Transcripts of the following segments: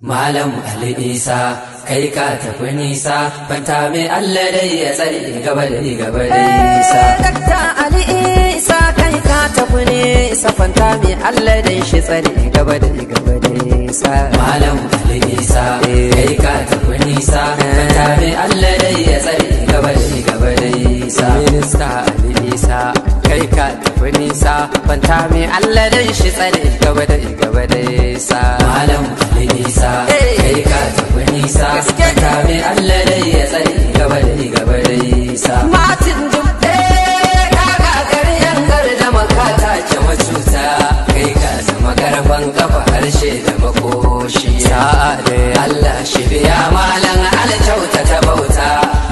Malam Ali Isa kai ka tafi nisa fanta mai Allah dai ya tsare gaba da gaba da eh, nisa. Dakta Ali Isa kai ka tafi nisa fanta mai Allah dai shi tsare gaba da gaba da nisa. Malam Ali Isa eh. kai ka tafi nisa fanta mai Allah dai ya tsare gaba da gaba da nisa. Minista Ali Isa kai ka tafi nisa fanta mai Allah dai shi tsare dai ka tafi nisa kame Allah dai ya tsare gaba dai gaba dai sa matin jumbe ka kakari yankar da makata ce macuta kai ka zama garban kafa harshe da makoshi sa'a dai Allah shi biya malan alkyauta ta bauta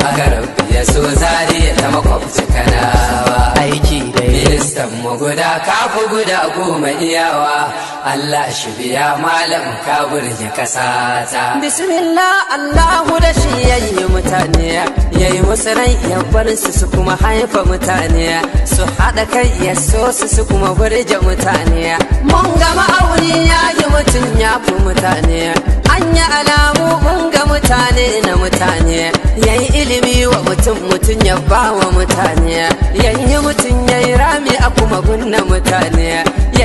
a rabbi ya so zariya ta makwabci kana mu guda kafu guda goma iyawa Allah shi biya malam ka burge kasata bismillah Allahu da shi yayi mutane yayi musu rai ya bar su su kuma haifa mutane su hada kai ya so su su kuma burge mutane mun gama aure yayi mutun ya fi mutane sanya alamu mun ga mutane na mutane yayi ilimi wa mutum mutum ya ba wa mutane yayi mutum yayi rami a kuma gunna mutane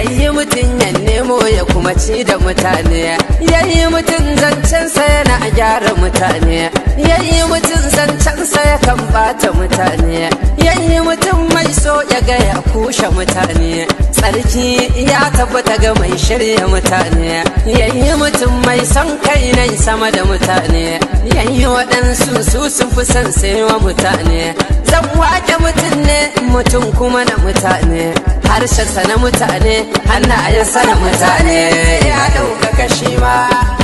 yayi mutum ya nemo ya kuma ci da mutane yayi mutum zancensa yana gyara mutane yayi mutum zancensa ya kan bata mutane yayi mutum mai so ya ga ya kushe mutane tsarki ya tabbata ga mai shirya mutane yayi mutum mai son kai nan sama da mutane yayi waɗansu su sun fi son sai wa mutane zan wake mutum ne mutum kuma na mutane sa na mutane hannayensa na mutane ya dauka kashi ma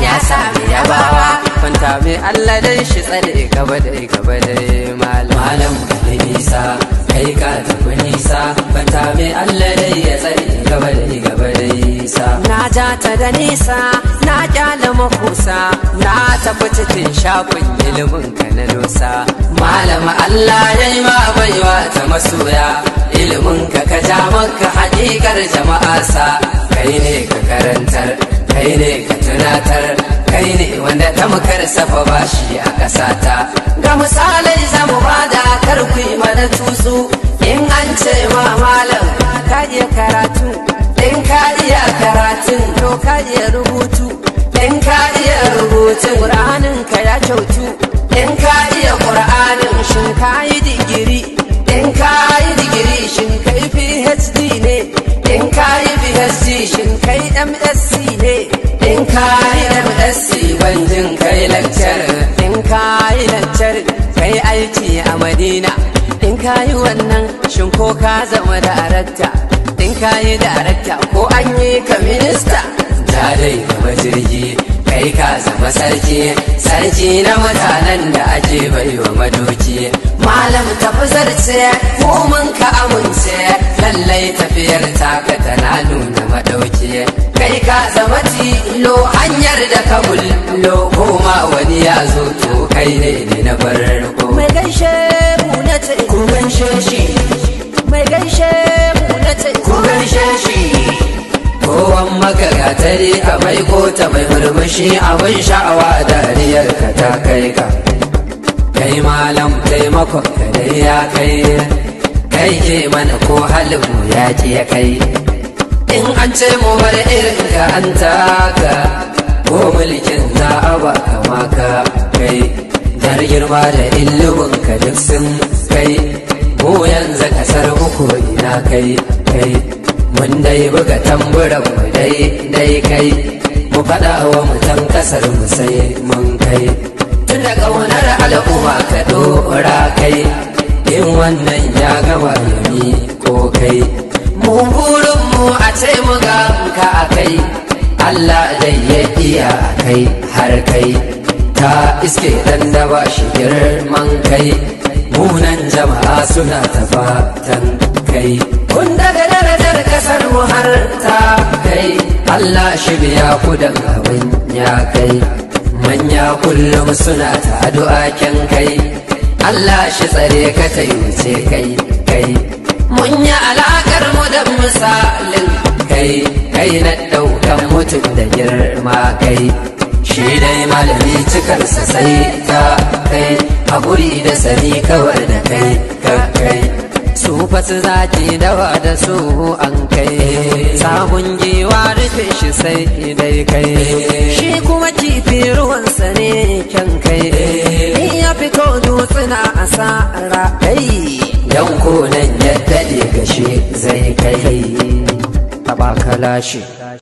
ya sami yabawa kwanta mai Allah dai shi tsare gaba dai gaba dai malam malam kai nisa kai ka tafi nisa kwanta mai Allah dai ya tsare gaba dai gaba dai sa na ja ta da nisa na kyala makusa na tafi cikin shafin ilimin ka na dosa malam Allah ya yi ma baiwa ta masoya ilimin ka ka ka haƙiƙar jama'a sa kai ne ka karantar kai ne ka tunatar kai ne wanda tamkar safa ba shi a ƙasata ga misalai za mu bada kar ku yi mana tutsu in an ce ma malam ka iya karatu in ka iya karatun to ka iya rubutu in ka iya rubutun ƙur'anin ka ya kyautu in ka iya ƙur'anin shin ka kai aiki a madina in ka wannan shin ko ka zama da darakta in ka yi arakta ko an yi ka minista ta dai gaba jirgi kai ka zama sarki sarki na mutanen da ake wa madoki malam tafi zarce mun ka amince lallai tafiyar taka na nuna madauki kai ka zama tilo hanyar da ka bullo goma wani ya zo to kai ne na bar aiko ta mai murmushi a abin sha'awa dariyar ka ta kai ka kai malam taimakon ka dai ya kai kai ke mana ko halin ya ki ya kai in an ce mu bar irin ka an taka ko mulkin za a ba kama ka kai dar girma da illubin ka duk sun kai mu yanzu kasar uku ina kai kai mun dai buga tamburan mu dai dai kai mu faɗa wa mutan ƙasar mu sai mun kai tun da ƙaunar al'umma ka ɗora kai in wannan ya gama yami ko kai mu burin mu a ce mu ga ka a kai Allah dai ya iya a kai har kai ta iske ɗan da ba shi girman kai munan jama'a suna ta fatan kai kun daga darajar ƙasar mu har Allah shi biya ku da abin ya kai manya kullum suna ta addu'a kyan kai Allah shi tsare ka ta yuce kai kai mun yi alakar mu da misalin kai kai na daukan mutum da girma kai shi dai malami cikarsa sai ta kai haƙuri da sani kawar da kai kai su fasu zaki dawa da su an kai sabon giwa rufe shi sai dai kai shi kuma kifi ruwansa ne kyan kai Ni ya fito dutsuna a sa'ara kai yan konan yadda daga shi zai kai tabakalashi